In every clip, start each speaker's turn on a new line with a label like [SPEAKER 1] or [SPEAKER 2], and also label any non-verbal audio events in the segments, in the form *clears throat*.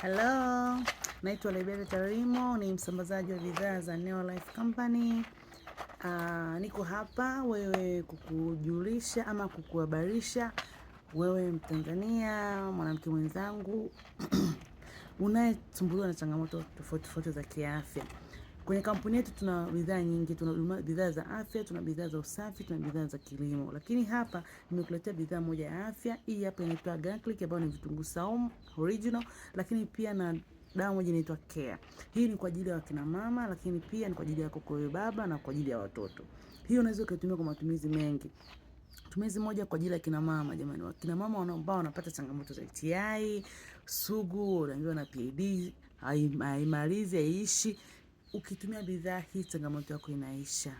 [SPEAKER 1] Hello, naitwa Liberty Tarimo, ni msambazaji wa bidhaa za Life Company. Uh, niko hapa wewe kukujulisha ama kukuhabarisha wewe Mtanzania, mwanamke mwenzangu *clears throat* unayesumbuliwa na changamoto tofauti tofauti za kiafya. Kwenye kampuni yetu tuna bidhaa nyingi, tuna bidhaa za afya, tuna bidhaa za usafi, tuna bidhaa za kilimo, lakini hapa nimekuletea bidhaa moja ya afya. Hii hapa inaitwa garlic ambayo ni vitunguu saumu original, lakini pia na dawa moja inaitwa Care. Hii ni kwa ajili ya wakina mama, lakini pia ni kwa ajili yako kwa baba na kwa ajili ya watoto. Hii unaweza ukaitumia kwa matumizi mengi. tumizi moja kwa ajili ya kina mama, jamani, kina mama ambao wanapata changamoto za UTI, sugu, unaambiwa na PID haimalizi haiishi ukitumia bidhaa hii changamoto yako inaisha.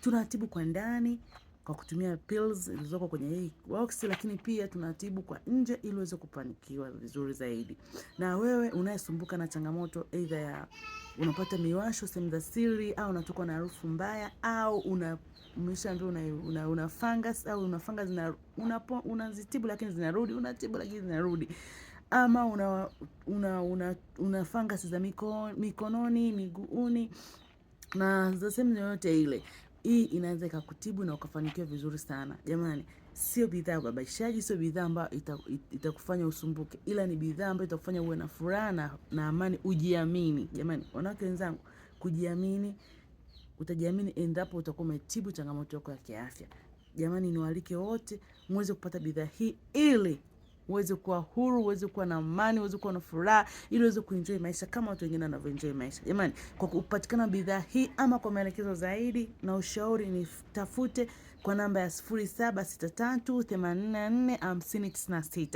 [SPEAKER 1] Tunatibu kwa ndani kwa kutumia pills zilizoko kwenye hii box, lakini pia tunatibu kwa nje ili uweze kufanikiwa vizuri zaidi. Na wewe unayesumbuka na changamoto aidha ya unapata miwasho sehemu za siri, au unatokwa na harufu mbaya, au una umeshaambiwa una, una, una fungus au una fungus unazitibu lakini zinarudi, unatibu lakini zinarudi ama una, una, una, una fangasi za miko, mikononi, miguuni na za sehemu yoyote ile, hii inaweza ikakutibu na ukafanikiwa vizuri sana jamani. Sio bidhaa ubabaishaji, sio bidhaa ambayo itakufanya ita usumbuke, ila ni bidhaa ambayo itakufanya uwe na furaha na amani, ujiamini. Jamani wanawake wenzangu, kujiamini, utajiamini endapo utakuwa umetibu changamoto yako ya kiafya. Jamani, niwaalike wote muweze kupata bidhaa hii ili uweze kuwa huru, uweze kuwa na amani, uweze kuwa na furaha, ili uweze kuenjoy maisha kama watu wengine wanavyoenjoy maisha. Jamani, kwa kupatikana bidhaa hii ama kwa maelekezo zaidi na ushauri, nitafute kwa namba ya 0763845096.